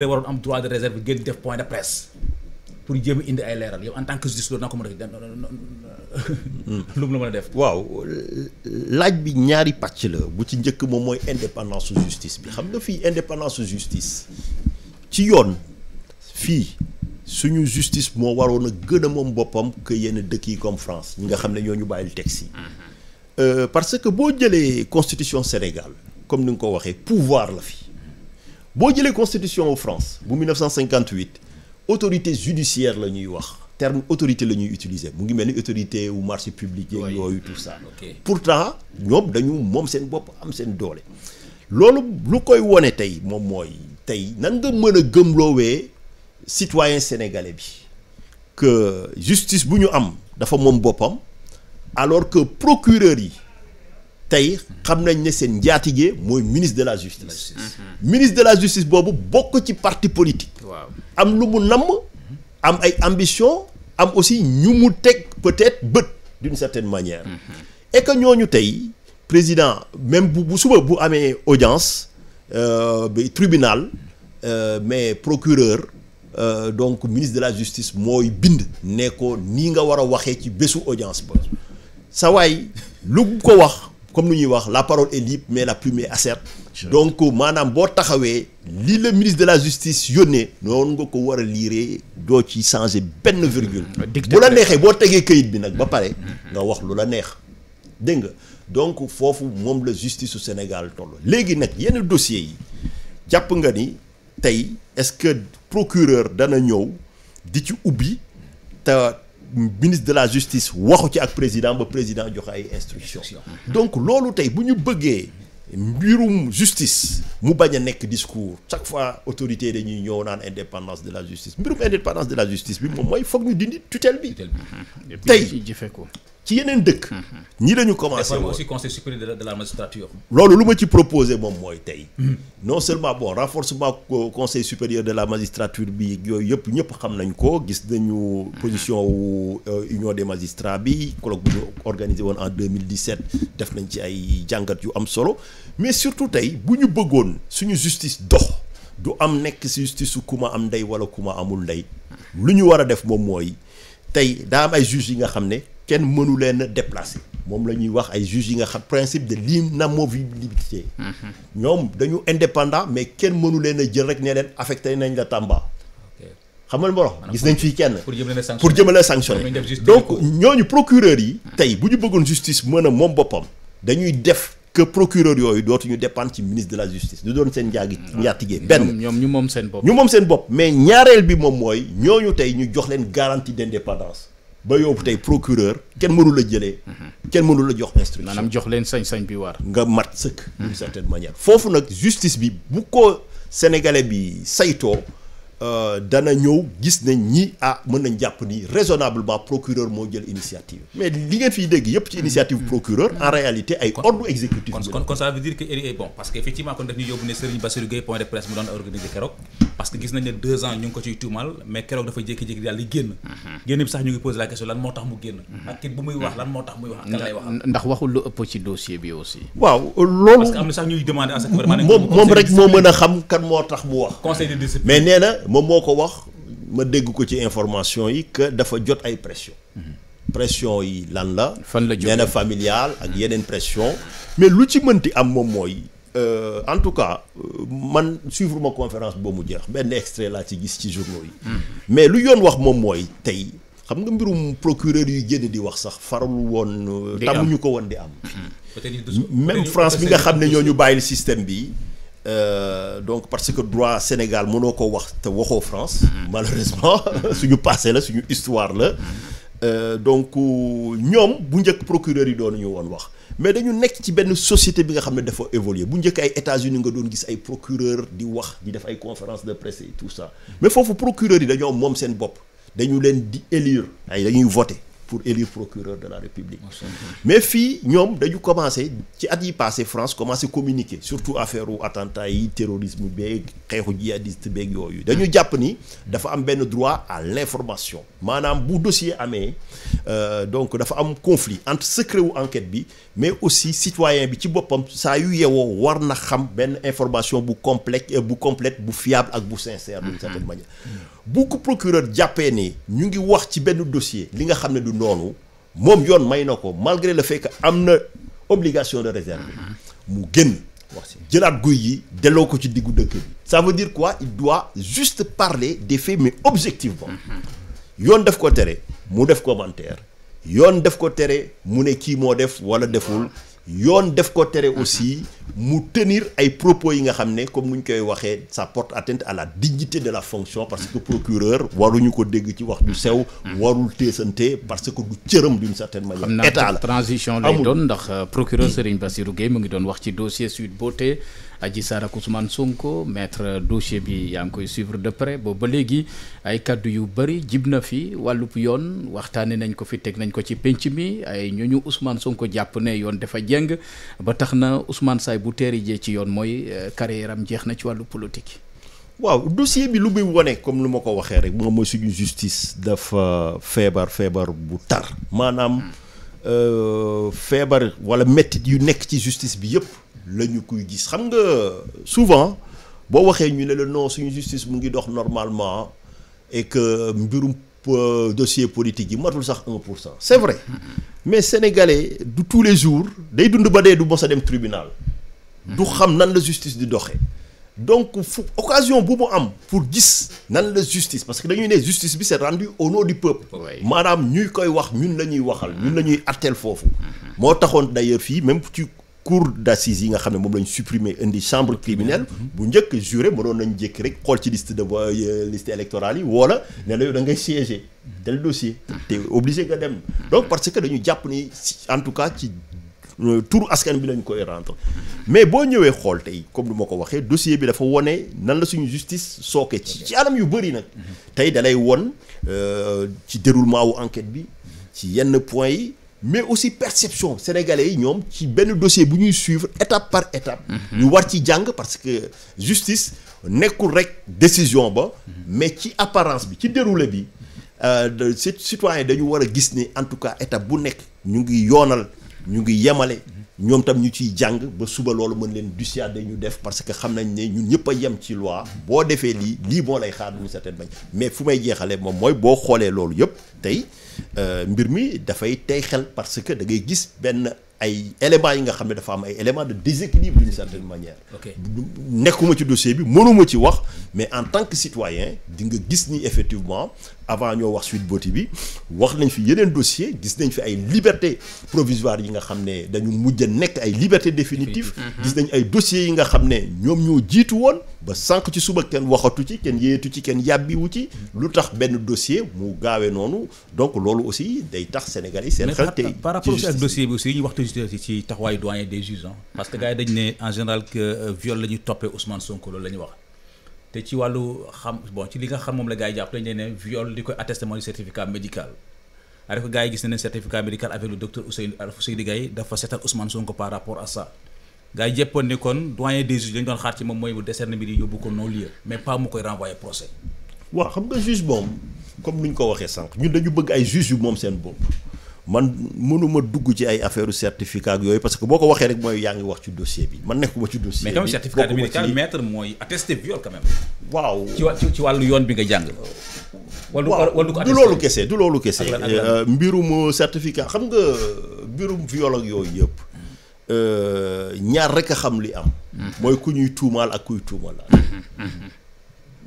léegi waroon am droit de réserve génn def point de presse pour jéem indi ay leeral en tant que justice loolu naa ko mën a def hmm. lu la mën a def. waaw laaj bi ñaari pàcc la bu ci njëkk moom mooy indépendance su justice bi xam nga fii indépendance su justice ci yoon fii suñu justice moo waroon a gën moom boppam que yenn dëkk yi comme France ñi nga xam ne ñoo ñu bàyyil texte yi hmm. euh, parce que boo jëlee constitution Sénégal comme ni nga ko waxee pouvoir la fi. boo jëlee constitution wu France bu 1958 autorité judiciaire la ñuy wax terme autorité la ñuy utiliser mu ngi mel ni autorité wu marché public yeeg yooyu tout ça pourtant ñoom dañu moom seen bopp am seen doole loolu lu koy wone tey moom mooy tey nan nga mën a gëmloowee citoyen sénégalais bi que justice bu ñu am dafa moom boppam alors que procureur yi tey xam nañ ne seen njaatigee mooy ministre de la justice. Mm-hmm. ministre de la justice boobu bokk ci parti politique. waaw am lu mu namm. am ay ambition am aussi ñu mu teg peut-être bët d'une certaine manière. Mm-hmm. et que ñooñu tey président même bu suba bu amee audience euh, bi tribunal euh, mais procureur. Euh, donc ministre de la justice mooy bind ne ko nii nga war a waxee ci bésu audience ba sa waay lu ko wax comme lu ñuy wax la parole est mais la plume est acerbe donc maanaam boo taxawee lii la ministre de la justice yónnee noonu nga ko war a liiree doo ci changer benn virgule mm-hmm. bu la neexee boo tegee kayit bi nag ba pare mm-hmm. nga wax lu la neex dégg nga donc foofu moom la justice su Sénégal toll léegi nag yenn dossiers yi jàpp nga ni tey est-ce que procureur dana ñëw di ci ubbi te ministre de la justice waxu ci ak président ba président joxe ay instruction donc loolu tey bu ñu bëggee mbirum justice mu bañ a nekk discours chaque fois autorité dañuy ñëw naan indépendance de la justice mbirum indépendance de la justice bi moom mooy foog ñu dindi tutelle bi tey ko ci yeneen dëkk. Mhm. ñi dañu commencé woon aussi conseil supérieur de de la loolu lu ma ci proposé moom mooy tey. Mhm. non seulement bon renforcement conseil supérieur de la magistrature bi yooyu yëpp ñëpp xam nañ ko gis nañu. Mhm. position wu euh, union des magistrats bi colloque bu ñu organisé woon en 2017 def nañ ci ay jàngat yu am solo mais surtout tey bu ñu bëggoon suñu justice dox. du am nekk si justice ku ma am ndey wala ma amul ndey lu ñu war a def moom mooy tey daa am ay juges yi nga xam ne. kenn mënu leen a déplacer moom la ñuy wax ay juges yi nga xam principe de l'inamovibilité mm-hmm. ñoom dañu indépendant mais kenn mënu leen a jël rek ne leen affecté nañ la Tamba xam nga borox gis nañ fii kenn pour jëmale sanctionné donc ñooñu procureur yi mm-hmm. tey bu ñu bëggoon justice mën a moom boppam dañuy def que procureur yooyu dootuñu dépendre ci ministre de la justice du doon seen njaagi mm-hmm. njaatigee benn ñoom ñu moom seen bopp ñu moom seen bopp mais ñaareel bi moom mooy ñooñu tey ñu jox leen garantie d'indépendance ba yóbbu tey procureur kenn mënu jële jëlee. Mhm. kenn mënu la jox instruction. maanaam jox leen sañ-sañ bi war. nga mat sëkk. d'une mhm. certaine manière foofu nag justice bi bu ko sénégalais bi saytoo. Euh, dana ñëw gis nañ ñi ah mën nañ jàpp ni raisonnablement procureur moo jël initiative mais li ngeen fiy dégg yëpp ci initiative procureur en réalité ay ordre exécutif kon kon ça veut dire que bon parce que effectivement kon daf ñu yóbbu ne Serigne Bassirou Gueye point de presse mu doon organiser keroog parce que gis nañ ne deux ans ñu ngi ko ciy tuumal mais keroog dafa jékki-jékki daal di génn mhm. génn bi sax ñu ngi posé la question lan moo tax mu génn mhm. ak kit bu muy wax lan moo tax muy wax ak kan lay wax ndax waxul lu ëpp ci dossier bi aussi waaw loolu parce que am na sax ñuy demandé à ce que vraiment moom moom rek moo mën a xam kan moo tax mu wax conseil de discipline mais nee na moom moo ko wax ma dégg ko ci information yi que dafa jot ay pression pression yi lan la fan la jógee nee na ak yeneen pression mais lu ci mënti am moom mooy euh, en tout cas euh, man suivre ma conférence boo mu jeex benn extrait laa ci gis ci journaux yi hmm. mais lu yoon wax moom mooy tey xam nga mbirum procureur yi génn di wax sax farlu woon ñu ko woon di am hmm. même France bi nga xam ne ñoo ñu bàyyi système bi Euh, donc parce que droit Sénégal mënoo ko wax te waxoo France. Mm-hmm. malheureusement mm-hmm. suñu passé la suñu histoire la. Mm-hmm. Euh, donc ñoom bu njëkk procureur yi doon ñu woon wax mais dañu nekk ci benn société bi nga xam ne dafa évoluer bu njëkk ay États-Unis nga doon gis ay procureur di wax di def ay conférence de presse et tout ça mais foofu procureur yi dañoo moom seen bopp dañu leen di élire ay dañuy voter pour élire procureur de la République mais fii ñoom dañu commencé ci at yi passé France commencé communiquer surtout affaire u attentat yi terrorisme beeg xeexu djihadiste beeg yooyu dañu jàpp ni dafa am benn droit à l'information maanaam bu dossier amee euh, donc dafa am conflit entre secret wu enquête bi mais aussi citoyen bi ci boppam saa yu yeewoo war na xam benn information bu complexe euh, bu complète bu fiable ak bu sincère d'une mm-hmm. certaine manière bu ko procureur jàppee ne ñu ngi wax ci benn dossier loolu moom yoon may na ko malgré la fait am na obligation de réserve uh-huh. mu génn jëlaat guy yi delloo ko ci diggu dëkk bi ça veut dire quoi il doit juste parler des faits mais objectivement uh-huh. yoon def ko tere mu def commentaire yoon def ko tere mu ne kii moo def wala deful yoon def ko tere aussi mu tenir ay propos yi nga xam ne comme nuñ koy waxee sa porte atteinte à la dignité de la fonction parce que procureur waruñu ko dégg ci wax ju sew warul teesante parce que du cëram d'une certaine manière état la transition lay doon ndax euh, procureur Serigne Bassirou Gueye mu ngi doon wax ci dossier Sweet Beauté Adji Sarr ak Ousmane Sonko metre dossier bi yaa ngi koy suivre de près boobu ba léegi ay kaddu yu bëri jib na fi wàllub yoon waxtaanee nañ ko fi teg nañ ko ci penc mi ay ñooñu Ousmane Sonko jàpp ne yoon dafa jeng ba tax na Ousmane saay bu teeri jee ci yoon mooy euh, carrière yaram jeex na ci wàllu politique. waaw dossier bi lu muy wone comme lu ma ko waxee rek moom mooy suñu justice dafa feebar feebar bu tar maanaam hmm. euh, feebar walla mettit yu nekk ci justice bi yëpp la ñu gis xam nga souvent boo waxee ñu ne la non suñu justice mu ngi dox normalement et que mbirum euh, dossier politique yi matul sax pour cent c'est vrai mais sénégalais du tous les jours day dund ba dee du mos a dem tribunal du xam nan la justice di doxee donc fu occasion bu am pour gis nan la justice parce que dañuy ne justice bi c'est rendu au nom du peuple maanaam ñuy koy wax ñun la ñuy waxal ñun la ñuy atteel foofu mm-hmm. moo taxoon d'ailleurs fii même ci cour d'assises yi nga xam ne moom lañu supprimer indi chambre criminelle bu njëkk juré mënoon nañ jékki rek xool ci liste de euh, liste électorale yi wala ne la yow da ngay siéger tel dossier te obligé nga dem donc parce que dañu jàpp ni en tout cas ci euh, tour askan bi lañ koy rendre mais boo ñëwee xool tey comme lu ma ko waxee dossier bi dafa wone nan la suñu justice sooke ci ci anam yu bëri nag mhm. tey dalay won euh, ci déroulement wu enquête bi ci yenn point yi mais aussi perception sénégalais yi ñoom ci benn dossier bu ñuy suivre étape par étape. Mhm. ñu war ci jàng parce que justice nekkul rek décision ba. Mhm. mais ci apparence bi ci déroulé bi. Euh, citoyen dañu war a gis ni en tout cas étape bu nekk ñu ngi yoonal ñu ngi yemale. ñoom tam ñu ciy jàng ba suba loolu mën leen dusiade ñu def parce que xam nañ ne ñun ñëpp a yem ci loi boo defee lii lii moo lay xaar duñu certaine bañ mais fu may jeexale moom mooy boo xoolee loolu yëpp tey euh, mbir mi dafay tey xel parce que da ngay gis benn ay éléments yi nga xam ne dafa am ay éléments de déséquilibre d'une certaine manière. ok nekkuma ci dossier bi mënuma ci wax mais en tant que citoyen di nga gis ni effectivement avant ñoo wax Sweet Beauty bi wax nañ fi yeneen dossier gis nañ fi ay liberté provisoire yi nga xam ne dañu mujj a nekk ay liberté définitive gis nañ ay dossiers yi nga xam ne ñoom ñoo jiitu woon. ba sànq ci suba kenn waxatu ci kenn yéetu ci kenn yàbbiwu ci lu tax benn dossier mu gaawee noonu donc loolu aussi day tax Sénégal yi seen xel tey par rapport ak dossier bi aussi ñu waxtu ci taxawaayu doyen des juges parce que gars yi dañ ne en général que euh, viol la ñu toppee Ousmane Sonko loolu la wax te ci wàllu xam bon ci li nga xam moom la gars yi jàpp dañ ne ne viol di koy attestement du certificat médical arek gars yi gis ne ne certificat médical par rapport à gars yi jëppoon ni kon doyen des juges lañu doon xaar ci moom mooy mu décerner mbir yi yóbbu ko non lieu mais pas mu koy renvoyer procès. waaw xam nga juge moom comme ni ñu ko waxee sànq ñun dañu bëgg ay juges yu moom seen bopp man mënuma dugg ci ay affaire certificat yooyu parce que boo ko waxee rek mooy yaa ngi wax ci dossier bi man nekkuma ci dossier bi mais quand même certificat de médical maître mooy attesté viol quand même. waaw ci wàllu yoon bi nga jàng. waaw du loolu kese du loolu kese. Euh, mbirum certificat xam nga mbirum viol yooyu yëpp. Euh, ñaar rek xam li am. Mhm. mooy ku ñuy tuumaal ak kuy tuumaal.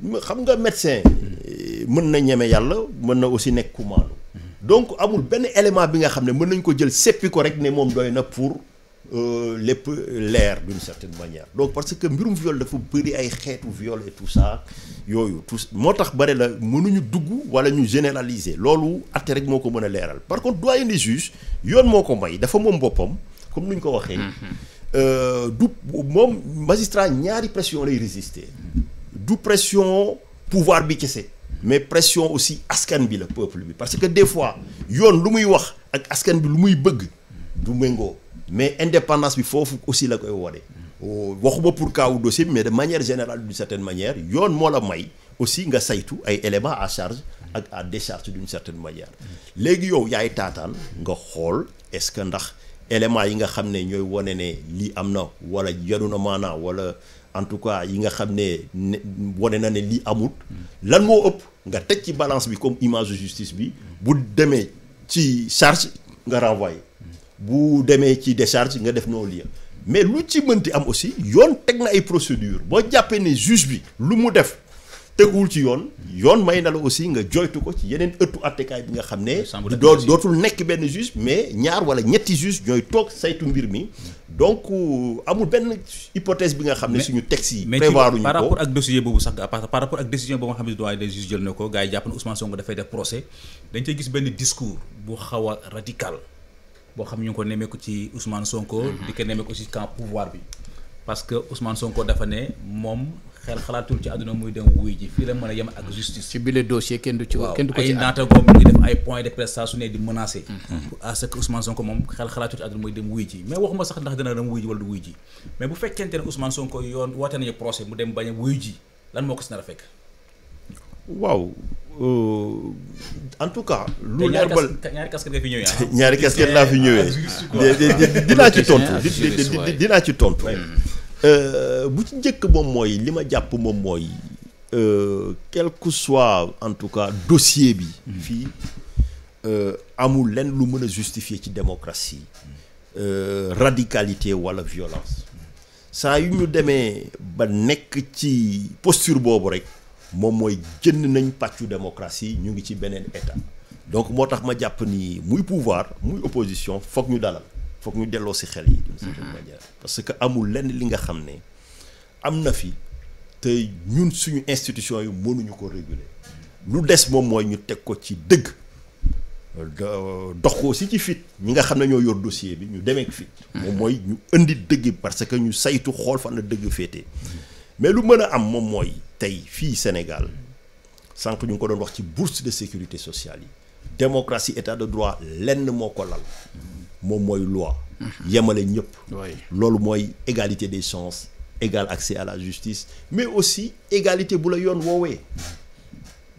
Mhm. xam nga médecin. Mhm. mën na ñeme yàlla mën na aussi nekk ku maandu. donc amul benn élément bi nga xam ne mën nañ ko jël seppi ko rek ne moom dooy na pour euh, lépp leer d'une certaine manière donc parce que mbirum viol dafa bëri ay xeetu viol et tout ça yooyu tout moo tax bare la mënuñu dugg wala ñu généraliser loolu atte rek moo ko mën a leeral par contre doyen des juges yoon moo ko may dafa moom boppam. comme ñu ko waxee. Mm-hmm. Euh, du moom magistrat ñaari pression lay résister. du pression pouvoir bi kese. mais pression aussi askan bi la peuple bi parce que des fois yoon lu muy wax ak askan bi lu muy bëgg du méngoo mais indépendance bi foofu aussi la koy wone oh, waxuma pour kaawu dossier bi mais de manière générale d'une certaine manière yoon moo la may aussi nga saytu ay éléments à charge ak à décharge d'une certaine manière léegi yow yaay taataan nga xool est-ce que ndax éléments yi nga xam ne ñooy wane ne lii am na wala yaru na maanaa wala en tout cas yi nga xam ne ne na ne lii amul lan moo ëpp nga teg ci balance bi comme image de justice bi bu demee ci charge nga renvoyé bu demee ci décharge nga def non lieu mais lu ci mënti am aussi yoon teg na ay procédure boo jàppee ne juge bi lu mu def teguwul ci yoon yoon may na la aussi nga joytu ko ci yeneen ëttu attekaay bi nga xam ne doo dootul nekk benn juge mais ñaar wala ñetti juge ñooy toog saytu mbir mi donc euh, amul benn hypothèse bi nga xam ne suñu texte yi prévoir uñu ko par rapport ak dossier boobu sax par rapport ak décision boobu nga xam ne doyen des juges jël na ko gars jàpp na Ousmane Sonko dafay def procès dañ cey gis benn discours bu xaw a radical boo xam ñu ngi ko nemmeeku ci Ousmane Sonko mm-hmm. di ko nemmeeku aussi camp pouvoir bi parce que Ousmane Sonko dafa ne moom xel xalaatul ci àdduna muy dem wuy ji fii la mën a yem ak justice. ci bile dossier kenn du ci kenn du ko ci ay naataangoom mi ngi def ay point de presse su ne di menacé. Mm-hmm. à ce que Ousmane moom xel xalaatul ci àdduna muy dem wuy ji mais waxuma sax ndax dina dem wuy ji wala du wuy ji bu fekkente ne Ousmane Sonko yoon woote nañu procès mu dem lan moo ko si nar a fekk. waaw euh, en tout cas. lu leer ba ñaari casquette nga fi ñëwee ah. ñaari casquette laa fi ñëwee. dinaa ci tontu dinaa ci tontu. Euh, bu ci njëkk moom mooy li ma jàpp moom mooy euh, quel soit en tout cas dossier bi. Mm. fii euh, amul lenn lu mën a justifier ci démocratie radicalité walla violence saa yu ñu demee ba nekk ci posture boobu rek moom mooy jënd nañ pàccu démocratie ñu ngi ci beneen état donc moo tax ma jàpp nii muy pouvoir muy opposition foog ñu dalal. foog ñu delloo si xel yi. Mm-hmm. parce que amul lenn li nga xam ne am na fi te ñun suñu institution yi mënuñu ko réguler lu des moom mooy ñu teg ko ci dëgg. dox ko aussi ci fit ñi nga xam ne ñoo yor dossier bi ñu demee fit mm-hmm. moom mooy ñu indi dëgg parce que ñu saytu xool fan la dëgg féete mm-hmm. mais lu mën a am moom mooy tey fii Sénégal sànq ñu ngi ko doon wax ci bourse de sécurité sociale yi démocratie état de droit lenn moo ko lal moom mooy loi yemale ñëpp loolu mooy égalité des chances égal accès à la justice mais aussi égalité bu la yoon woowee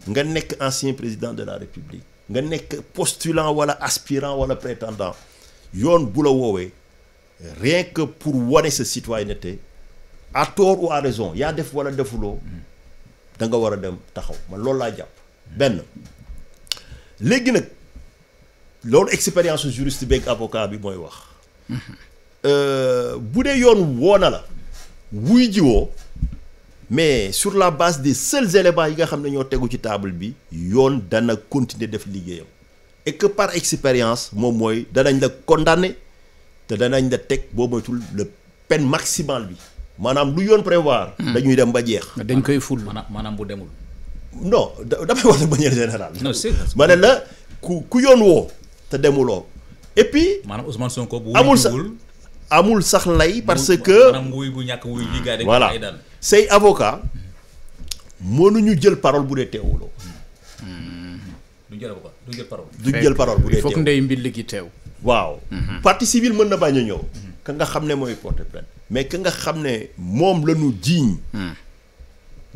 nga nekk ancien président de la république nga nekk postulant wala aspirant wala prétendant yoon bu la woowee rien que pour wane sa citoyenneté à tort ou à raison yaa def wala defuloo da nga war a dem taxaw man loolu laa jàpp benn léegi nag loolu expérience juriste beeg avocat bi mooy wax mhm. euh, bu dee yoon woo la wuy jiwoo mais sur la base des seuls éléments yi nga xam ne ñoo tegu ci taable bi yoon dana continuer def liggéeyam et par expérience moom mooy danañ la condamné te danañ la teg boo moytul le peine maximale bi maanaam lu yoon prévoir. Mhm. dañuy dem ba jeex. dañ koy ful maanaam bu demul. non damay wax de manière générale. non c'est ma la ku ku yoon woo te demuloo et maanaam Ousmane bu amul sax amul sax lay. parce que maanaam bu ñàkk wuy bi gars voilà say avocat mënuñu jël parole bu dee teewuloo. Hmm. duñ jël avocat duñ jël parole. duñ bu dee teew fokk ndey mbill gi teew. waaw. Hmm. partie civile mën na bañ ñëw. Hmm. ka nga xam ne mooy porter mais ka nga xam ne moom la ñu jiiñ.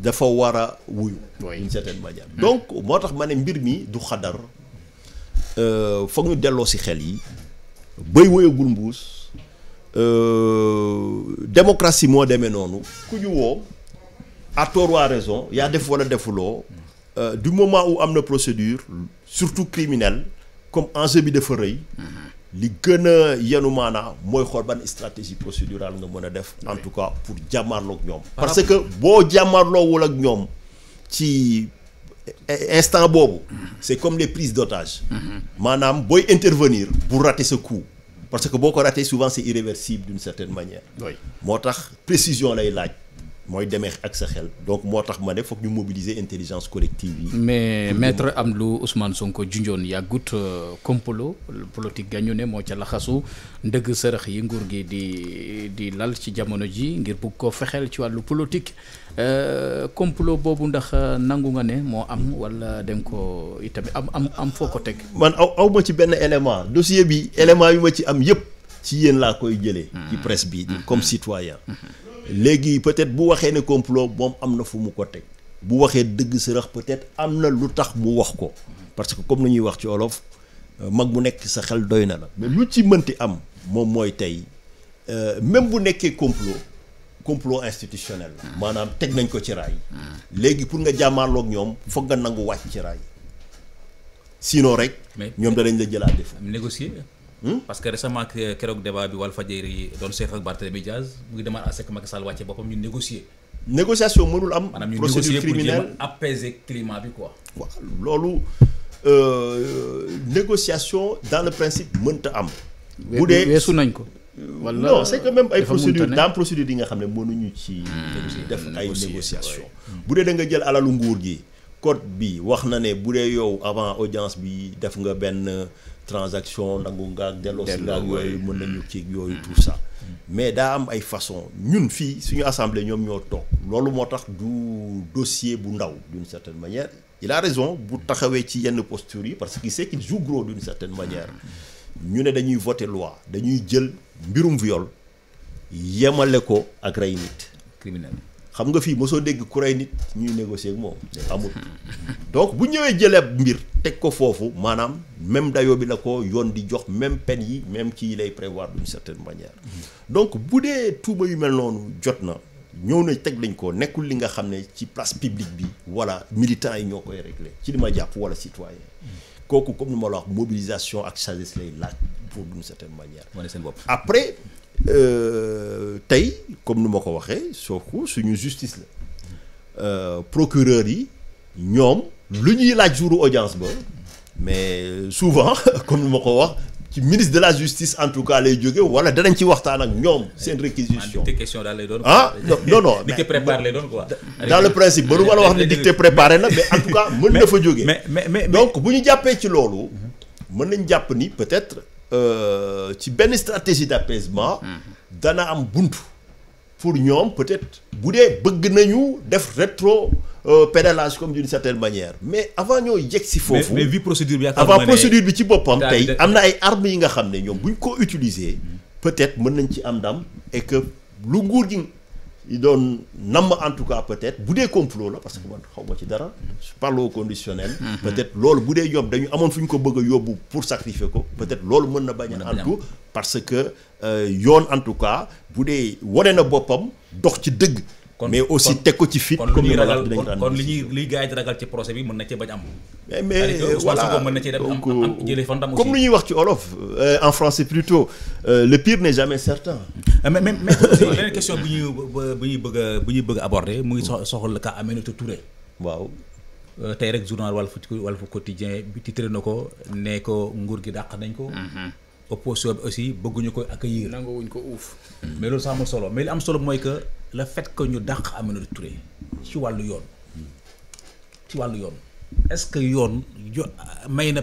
dafa war a wuyu d'une certaine manière donc moo tax ma ne mbir mi du xadar euh, foog ñu delloo si xel yi béy woyagul mbuus euh, démocratie moo demee noonu ku ñu woo à tort raison yaa def wala defuloo euh, du moment où am na procédure surtout criminelle comme enjeu bi dafa rëy mm-hmm. li gën a yenu maanaa mooy xool ban stratégie procédurale nga mën a def en tout cas pour jàmmaarloog ñoom parce que boo jàmmaarloowul ak ñoom ci instant boobu c'est comme les prises d'otages mm-hmm. maanaam booy intervenir bu rater sa coup parce que boo ko rater souvent c'est irréversible d'une certaine manière moo tax précision lay laaj mooy demee ak sa xel donc moo tax ma ne foog ñu mobiliser intelligence collective yi. mais maître Amadou Ousmane Sonko junjoon yàggut euh, komplo politique ga ñu ne moo ca laxasu ndëgg sërëx yi nguur gi di di lal ci jamono ji ngir bugg ko fexeel ci wàllu politique euh, komplo boobu ndax euh, nangu nga ne moo am wala dem ko itamit am am am foo ko teg. man aw aw ma ci benn élément dossier bi élément yu ma ci am yëpp ci yéen laa koy jëlee. Hmm. ci presse bi hmm. comme citoyen hmm. léegi peut-être bu waxee ne complot moom am na fu mu ko teg bu waxee dëgg sërëx peut-être am na lu tax mu wax ko parce que comme lu ñuy wax ci olof euh, mag mu nekk sa xel doy na la mais lu ci mënti am moom mooy tey euh, même bu nekkee complot complot institutionnel la maanaam teg nañ ko ci raay léegi pour nga jàmmaarloog ñoom foog nga nangu wàcc ci raay sinon rek ñoom danañ la jëlaat def négocier Hmm? parce que récemment keroog débat bi Walfadjri doon seef ak Barthélémy Diaz mu ngi demande à ce que Macky Sall wàcce boppam ñu négociation mënul am. procédure ñu a apaiser climat bi quoi. waaw loolu euh, négociation dans le principe mënta am. bu dee weesu nañ ko. wala non c'est que même ay procédure dans procédure yi nga xam ne mënuñu ci. Hmm, def ay négociation bu dee da nga jël alalu nguur gi. code bi wax na ne bu dee yow avant audience bi def nga benn transaction nangu nga delloo si nga yooyu mën nañu mm. ci yooyu mm. tout sax mais daa am ay façon ñun fii suñu assemblée ñoom ñoo toog loolu moo tax du dossier bu ndaw d'une certaine manière il la raison bu taxawee ci yenn postures yi parce que sait qu'il joue gros d'une certaine manière ñu ne dañuy voter loi dañuy jël mbirum viol yemale ko ak rey nit xam nga fii mosoo dégg ku rey nit ñuy négocier ak moom amul donc bu ñëwee jëlee mbir teg ko foofu maanaam même dayo bi la ko yoon di jox même pen yi même kii lay prévoir d'une certaine manière donc bu dee tuuma yu mel noonu jot na ñëw na teg lañ ko nekkul li nga xam ne ci place publique bi wala militant yi ñoo koy régler ci li ma jàpp wala citoyen kooku comme ni ma la wax mobilisation ak sagesse lay laaj pour d'une certaine manière après Euh, tey comme nu ma ko waxee Sonko suñu justice la euh, procureur yi ñoom lu ñuy laaj jouru audience ba mais souvent comme nu ma ko wax ci ministre de la justice en tout cas lay jóge wala danañ ci waxtaan ak ñoom seen réquisition ah non lay doon quoi dans le principe mënu ma la wax ne dictée préparée la mais en tout cas mën na fa jóge donc bu ñu jàppee ci loolu mën nañ jàpp ni peut-être Euh, ci benn stratégie d'apaisement mhm. dana am buntu pour ñoom peut-être bu dee bëgg nañu def rétro euh, pédalage comme d'une certaine manière mais avant ñoo yegg si foofu mais vi procédure bi avant procédure bi ci boppam tey am na ay armes yi nga xam ne ñoom buñ koo utiliser peut-être mën nañ ci am ndam et que lu nguur gi yi doon namm en tout cas peut-être bu dee complot la parce que man xaw ma ci dara je parle au mhm. peut-être loolu bu dee ñoom dañu amoon fu ñu ko bëgg a yóbbu pour sacrifier ko peut-être loolu mën na bañ a antu parce que euh, yoon en tout cas bu dee wane na boppam dox ci dëgg mais aussi teg ko ci fit. comme li ñuy ragal kon li ñuy li gars yi di ragal ci procès bi mën na cee bañ am. mais mais voilà mën na cee am am euh, jëlee fan tam aussi. comme lu ñuy wax ci olof euh, en français plutôt euh, le pire n'est jamais certain. mais mais mais beneen question bu ñuy bu ñuy bëgg a bu ñuy bëgg a aborder mu ngi soxla le cas Aminata Touré. waaw. tey rek journal Walf Walf Quotidien bi titré na ko ne ko nguur gi dàq nañ ko. Mm-hmm. opposition bi aussi bëgguñu ko accueillir. nanguwuñ ko uuf. mais loolu sax amul solo mais li am solo mooy que. la fait ko ñu dàq Aminata toure ci wàllu yoon ci wàllu yoon est-ce que yoon jo may na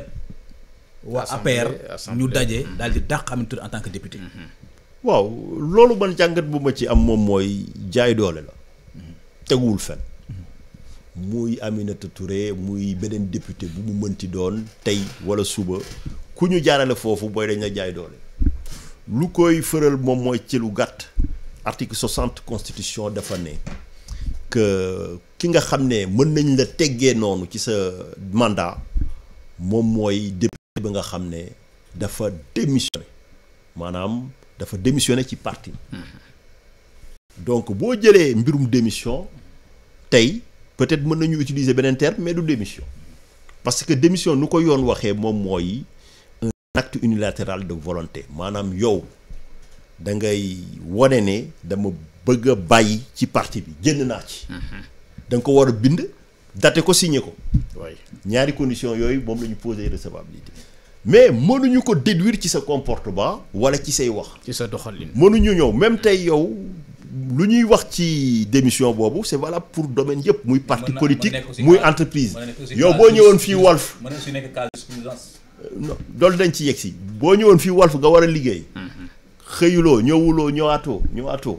waa APR ñu daje mm-hmm. daal di dàq Aminata Touré en tant que député mm-hmm. waaw loolu man jàngat bu ma ci am moom mooy jaay doole la mm-hmm. teguwul fen muy Aminata Touré muy beneen député bu mu mënti doon tey wala suba ku ñu jaarale foofu booy dañ la jaay doole lu koy fëral moom mooy ci lu gàtt article 60 constitution dafa ne que ki nga xam ne mën nañ la teggee noonu ci sa mandat moom mooy député ba nga xam ne dafa démissionné maanaam dafa démissionné ci parti donc boo jëlee mbirum démission tey peut-être mën nañu utiliser beneen terme mais du démission parce que démission nu ko yoon waxee moom mooy un acte de volonté maanaam yow da ngay wone ne dama bëgg bàyyi ci parti bi génn naa ci. Mhm. danga ko war a bind date ko signe ko. waaye ñaari condition yooyu moom la ñu posé recevabilité. mais mënuñu ko déduir ci sa comportement wala ci say wax. ci sa doxalin mënuñu ñëw même tey yow. lu ñuy wax ci démission boobu c'est valable pour domaine yëpp muy parti politique muy entreprise yow boo ñëwoon fii Walf non loolu dañ ci yegg si boo ñëwoon fii Walf nga war a liggéey hmm. xëyuloo ñëwuloo ñëwaatoo ñëwaatoo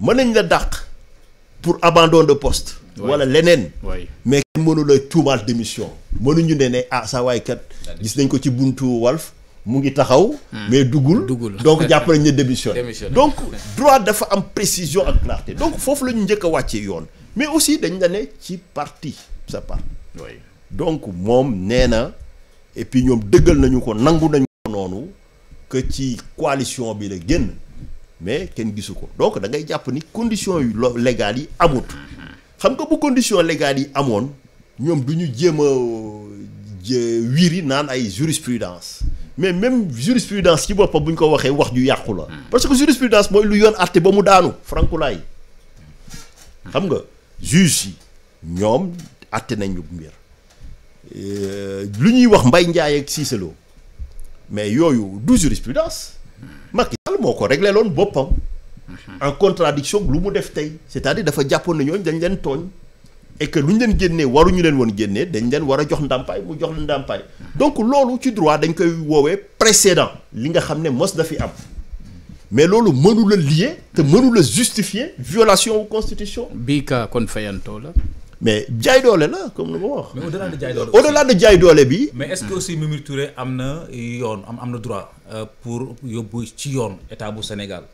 mën nañ la dàq pour abandon de poste. wala leneen. mais kenn mënu la tuumaal démission. mënuñu ne ne ah saa waay kat gis nañ ko ci buntu Walf mu ngi taxaw. Hmm. mais duggul donc jàpp nañ ne démission. donc droit dafa am précision ak clarté donc foofu la njëkk a wàccee yoon. mais aussi dañ la ne ci parti sa parti. donc moom nee na et puis ñoom dëggal nañu ko nangu nañu ko noonu. que ci coalition bi la génn mais kenn gisu ko donc da ngay jàpp ni conditions yu lo légales yi amut xam nga bu conditions légales yi amoon ñoom du ñu jéem a wiri naan ay jurisprudence mais même jurisprudence ci boppam bu ñu ko waxee wax ju yàqu la parce que jurisprudence mooy lu yoon àtte ba mu daanu frankulaay xam nga juge yi ñoom àtte nañu mbir euh, lu ñuy wax mbay Ndiaye ak Cissé mais yooyu du jurisprudence Macky Sall moo ko réglé loon boppam en contradiction lu mu def tey c'est-à-dire dafa jàppoon na ñooñu dañ leen tooñ et que lu ñu leen génnee waruñu leen woon génnee dañ leen war a jox ndàmpaay mu jox leen ndàmpaay donc loolu ci droit dañ koy woowee précédent li nga xam ne mos na am mais loolu mënula lie lier te mënu justifier violation wu constitution bii kaa kon fayantoo la mais jaay doole la comme lu ma wax. mais au jaay doole. bi. mais est ce que aussi Mimi Touré am na yoon am am na droit euh, pour yóbbu ci yoon état bu Sénégal.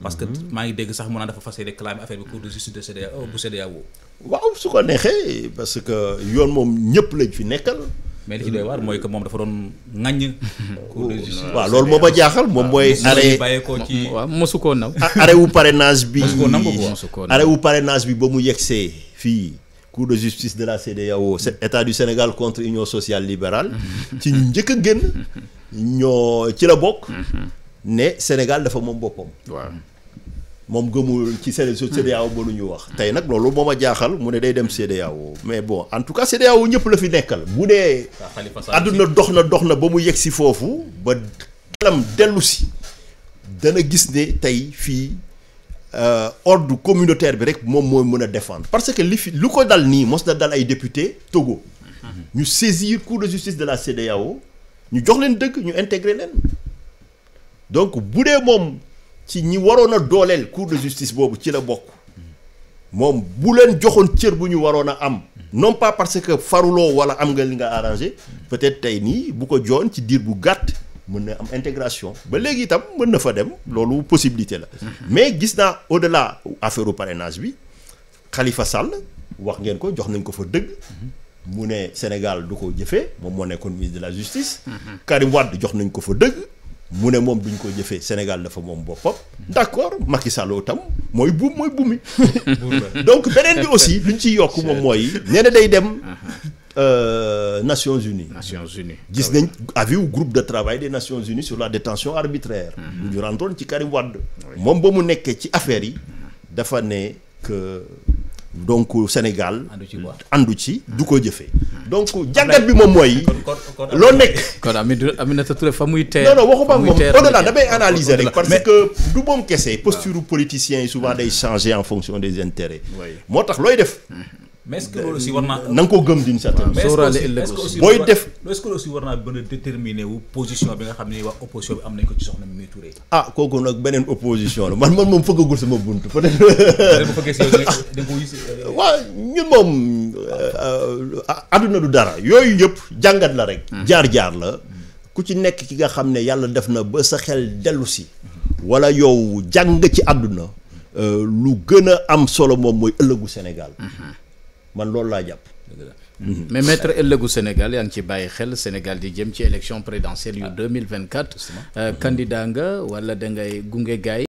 parce que mhm. maa ngi dégg sax mu naan dafa fas yéene réclamer affaire bi cour de justice de CEDEAO euh, bu CEDEAO. waaw su ko neexee parce que yoon moom ñëpp lañ fi nekkal. mais li ci doy waar mooy que moom dafa doon ŋaññ. waaw loolu moo ba jaaxal moom mooy. arrêt waaw mosu koo naw. arrêt wu parrainage bi mosu koo nangu arrêt wu parrainage bi ba mu yegsee fii. cour de justice de la CEDEAO état du Sénégal contre union sociale libérale ci ñu njëkk a génn ñoo ci la bokk ne Sénégal dafa moom boppam waaw moom gëmul ci seen CEDEAO ba lu ñu wax tey nag loolu moo ma jaaxal mu ne day dem CEDEAO mais bon en tout cas CEDEAO ñëpp la fi nekkal mu dee àdduna dox na dox na ba mu yegg si foofu ba xelam dellu dana gis ne tey fii Euh, ordre communautaire bi rek moom mooy mën a défendre parce que li fi lu ko dal nii mos na dal ay député Togo ñu saisir cour de justice de la CEDEAO ñu jox leen dëgg ñu intégrer leen donc bu dee moom ci ñi waroon a dooleel cour de justice boobu ci la bokk moom bu leen joxoon cër bu ñu waroon a am non pas parce que faruloo wala am nga li nga arrangé peut-être tey nii bu ko joon ci diir bu gàtt mun na am intégration ba léegi itam mën na fa dem loolu possibilité la mais gis naa au la affaire parrainage bi xalifa Sall wax ngeen ko jox nañ ko fa dëgg mu ne Sénégal du ko jëfee moom moo nekkoon ministre de la justice jox nañ ko fa dëgg mu ne moom duñ ko jëfee Sénégal dafa moom boppam d'accord Macky Sall tam mooy buum mooy buumi donc beneen bi aussi luñ ciy yokk moom mooy nee day dem Euh, Nations Unies. Nations Unies gis ah nañ avis groupe de travail de Nations Unies sur la détention arbitraire. bu ñu rentoon ci Karim Wade. Ah moom ba mu nekkee ci affaire yi. dafa ne que donc Sénégal. àndu ci du ko jëfe mm-hmm. donc mm-hmm. jàngat bi moom mooy. loo nekk. kon Aminata Touré fa muy teer. non non waxuma moom au-delà damay analyser rek. parce que du moom kese posture ah. politiciens yi souvent mm-hmm. day changer en fonction des intérêts. moo tax looy def. mais est-ce que loolu aussi war naa. na nga koo gëm d'une certaine façon. booy def est-ce que nga xam ne waa opposition bi am nañ ko ci ah, nag beneen opposition man man moom fëggagul sama bunt peut-être. Euh, euh. waa ñun moom euh, àdduna du dara yooyu yëpp jàngat la rek. Hmm. jaar-jaar la hmm. ku ci nekk ki nga xam ne yàlla def na ba sa xel dellu si. wala yow jàng ci àdduna lu gën a am solo moom mooy ëllëgu Sénégal. Hmm. man loolu laa jàpp. mais metre ëllëgu Sénégal yaa ngi ci bàyyi xel Sénégal di jëm ci élection présidentielle yu 2024. Ah. Euh, candidat nga wala da ngay gunge gaay